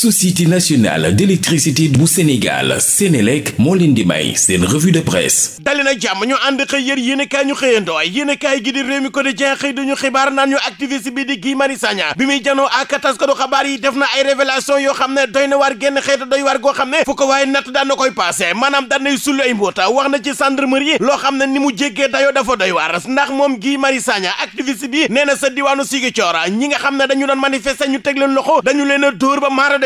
société nationale d'électricité bu Sénégal Sénélec moo leen di may seen revue de presse dali na jàmm ñu ànd xëy yër yéenekaay ñu xëyandoo yéenekaay gi di Rewmi Quotidien xëy duñu xibaar naan ñu activiste bi di Guy Marius Sagna bi muy janoo ak taskatu xabaar yi def na ay révélation yoo xam ne doy na waar génn xeetu doy waar goo xam ne fu ko waaye natt daan na koy passé maanaam daan nay sulli ay mboota wax na ci gendarmerie loo xam ne ni mu jéggee dayoo dafa doy sa diwaanu Ziguinchor ñi nga xam ne dañu doon manifester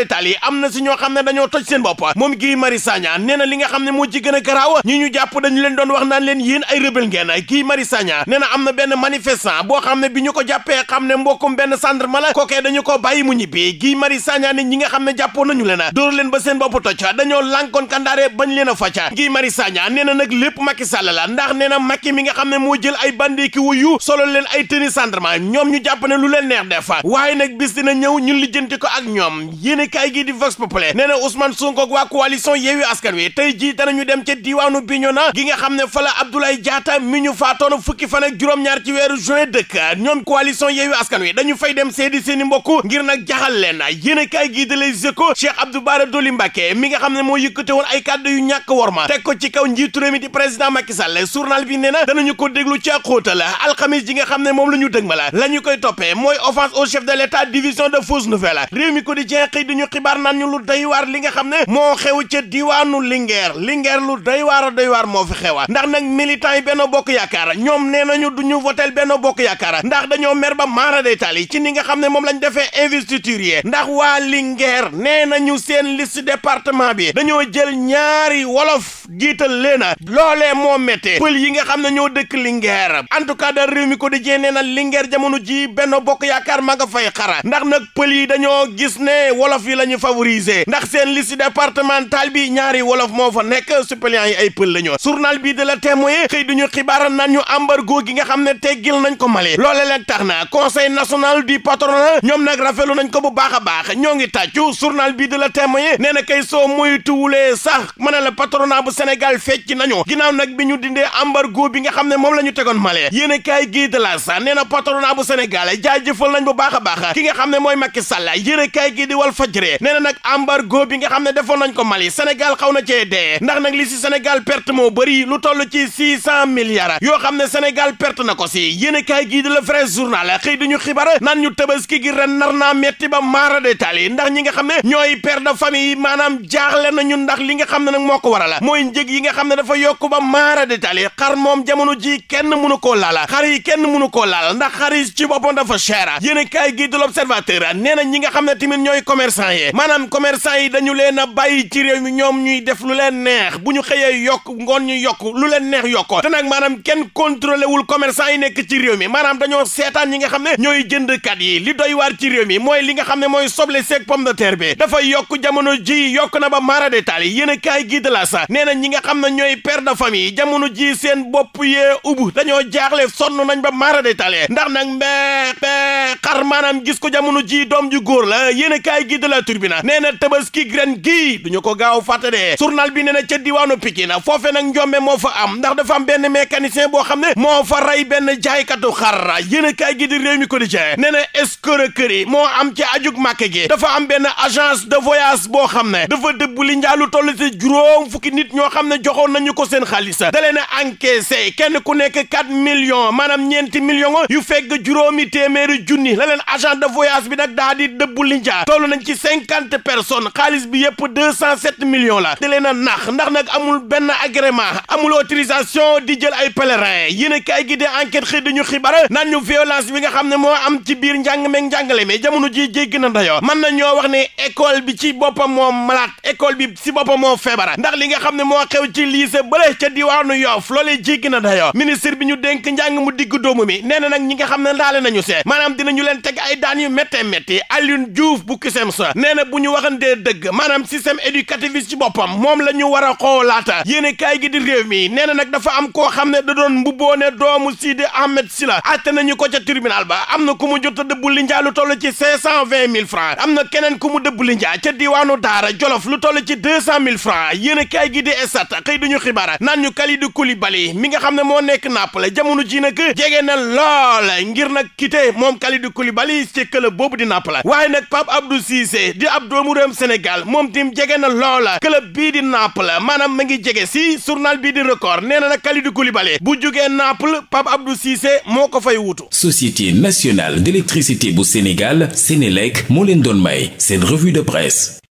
taal yi am na si ñoo xam ne dañoo toj seen bopp moom Guy Marius Sagna nee na li nga xam ne moo ci gën a garaaw ñi ñu jàpp dañu leen doon wax naan leen yéen ay rebelle ngeen Guy Marius Sagna nee am na benn manifestant boo xam ne bi ñu ko jàppee xam ne mbokkum benn gendarme la kookee dañu ko bàyyi mu ñibbi Guy Marius Sagna ne ñi nga xam ne jàppoon nañu leen dóor leen ba seen bopp toj dañoo lànkoon kandaare bañ leen a facca Guy Marius Sagna nee nag lépp mi nga xam ne moo jël ay bandi ki wuyu solo leen ay tenue gendarme ñoom ñu jàpp ne lu leen neex def waaye nag bis dina ñëw ñu lijjanti ko ak ñoom yéen kaay gi di Vox Populi nee na Ousmane waa coalition Yewwi Askan Wi tey jii danañu dem ca diiwaanu Bignona gi nga xam ne fa la Abdoulaye Diatta mi ñu faatoon fukki fan ak juróom-ñaar ci weeru juin dëkk ñoom coalition Yewwi Askan Wi dañu fay dem seedi seeni mbokk ngir nag jaxal leen yéen kaay gi di Les Échos Cheikh Abdou Bara Dolly Mbacké mi nga xam ne moo yëkkate woon ay kàddu yu ñàkk worma teg ko ci kaw njiitu réew mi di président Macky Sall journal bi nee na danañu ko déglu ci xóotal alxamis ji nga xam ne moom la ñu dëgmal la ñu koy toppee mooy offense au chef de l'État division de fausses ñu na naan ñu lu doy li nga xam ne moo xew ca diwaanu li Linguère lu doy waar a doy waar moo fi xewaat ndax nag militant yi Benno Bokk Yaakaar ñoom nee nañu du ñu votel Benno Bokk Yaakaar ndax dañoo mer ba maara day tali ci ni nga xam ne moom lañ defee investiture yi ndax waa li Linguère nee ñu seen liste département bi dañoo jël ñaari wolof def jiital leena loolee moo méttee pël yi nga xam ne ñoo dëkk Linguère en tout cas daal réew ko di jee nee na Linguère jamono ji benn bokk yaakaar ma nga fay xara ndax nag pël yi dañoo gis ne wolof yi la ñu favoriser ndax seen liste départementale bi ñaari wolof moo fa nekk suppléant yi ay pël la ñoo journal bii da la témoin xëy duñu xibaara na ñu embargo gi nga xam ne te teggil nañ ko Mali loole leen tax na conseil national du patronat ñoom nag rafetlu nañ ko bu baax a baax ñoo ngi tàccu journal bii de la témoin nee na kay soo moytuwulee sax mën na Sénégal fecc nañu ginnaaw nag bi ñu dindee embargo bi nga xam ne moom la ñu tegoon Mali yéen kaay gii de la sa nee na patronat bu Sénégal jaajëfal nañ bu baax a baax ki nga xam ne mooy Macky Sall yéen kaay gii di wal fajree nee na nag embargo bi nga xam ne defoon nañ ko Mali Sénégal xaw na cee dee ndax nag li si Sénégal perte moo bëri lu toll ci six cent milliards yoo xam ne Sénégal pert na ko si yéen kaay gii di le vrai journal xëy di ñu xibaar naan ñu tabaski gi ren nar naa metti ba maara détail ndax ñi nga xam ne ñooy père de famille maanaam jaaxle nañu ndax li nga xam ne nag moo ko waral mooy njëg yi nga xam ne dafa yokk ba maara détaillé xar moom jamono ji kenn mënu koo laala xar yi kenn mënu koo laal ndax xar yi ci boppam dafa cher yéen kaay gi de l'observateur nee na ñi nga xam ne tamit ñooy commerçant yi maanaam commerçant yi dañu leen a bàyyi ci réew ñoom ñuy def lu leen neex bu ñu xëyee yokk ngoon ñu yokk lu leen neex yokk nag maanaam kenn contrôlé wul commerçant yi nekk ci réew mi maanaam dañoo seetaan ñi nga xam ne ñooy jëndkat yi li doy waar ci réew mi mooy li nga xam ne mooy soble seeg pomme de terre dafa yokk jamono ji yokk na ba maara détaillé yéen la ñi nga xam ne ñooy père de famille jamono ji seen bopp yee ubu dañoo jaaxle sonn nañ ba maara de tale ndax nag mbee xar maanaam gis ko jamono ji doom ju góor la yéen a kaay gi de la turbina nee na tabaski ren gii duñu ko gaaw fàtte de journal bi nee na ca diwaanu Pikine foofe nag njombe moo fa am ndax dafa am benn mécanicien boo xam ne moo fa rey benn jaaykatu xar yéen a kaay gi di réew mi ko di jee nee na escroquerie moo am ci ajug màkke gi dafa am benn agence de voyage boo xam ne dafa dëbb li njaalu toll ci fukki nit ñoo xam ne joxoon nañu ko seen xaalis da leen a encaissé kenn ku nekk quatre millions maanaam ñeenti millions yu fekk juróomi téeméeri junni la leen agent de voyage bi nag daa di dëbbu linja toll nañ ci cinquante personnes xaalis bi yëpp deux cent sept millions la da leen a nax ndax nag amul benn agrément amul autorisation di jël ay pèlerin yéen a kaay gi de enquête xëy dañu xibaar naan ñu violence bi nga xam ne moo am ci biir njàng meeg njàngale mais jamono ji jéggi na dayoo man na ñoo wax ne école bi ci boppam moo malade école bi si boppam moo moo xew ci lycée bële ca diwaanu Yoff loolee jéggi na dayoo ministre bi ñu denk njàng mu digg doomu mi nee na nag ñi nga xam ne ndaale nañu see maanaam dinañu leen teg ay daan yu méttee métti Alioune Diouf bu kisem sa nee na bu ñu wax waxantee dëgg maanaam système éducatif bi ci boppam moom la ñu war a xoolaata yéene kaay gi di réew mi nee na nag dafa am koo xam ne da doon mbubboo ne doomu Sidi Ahmed Sila atte nañu ko ca tribunal ba am na ku mu jot a dëbb li njaa lu toll ci cinq cent vingt mille francs am na keneen ku mu dëbb li njaa diwaanu Daara Jolof lu toll ci deux cent mille francs yéene kaay gi di Esat xëy duñu xibaar naan ñu Kalidou Koulibaly mi nga xam ne moo nekk Naples jamono ji nag jege na lool ngir nag quitté moom Kalidou Koulibaly ci club boobu di Naples waaye nag Pape Abdou Cissé di ab doomu réewum Sénégal moom tim jege na lool club bii di Naples maanaam ma ngi jege si surnal bii di record nee na nag Kalidou Koulibaly bu jugee Naples Pape Abdou Cissé moo ko fay wutu Société nationale d'électricité bu Sénégal Sénélec moo leen doon may seen revue de presse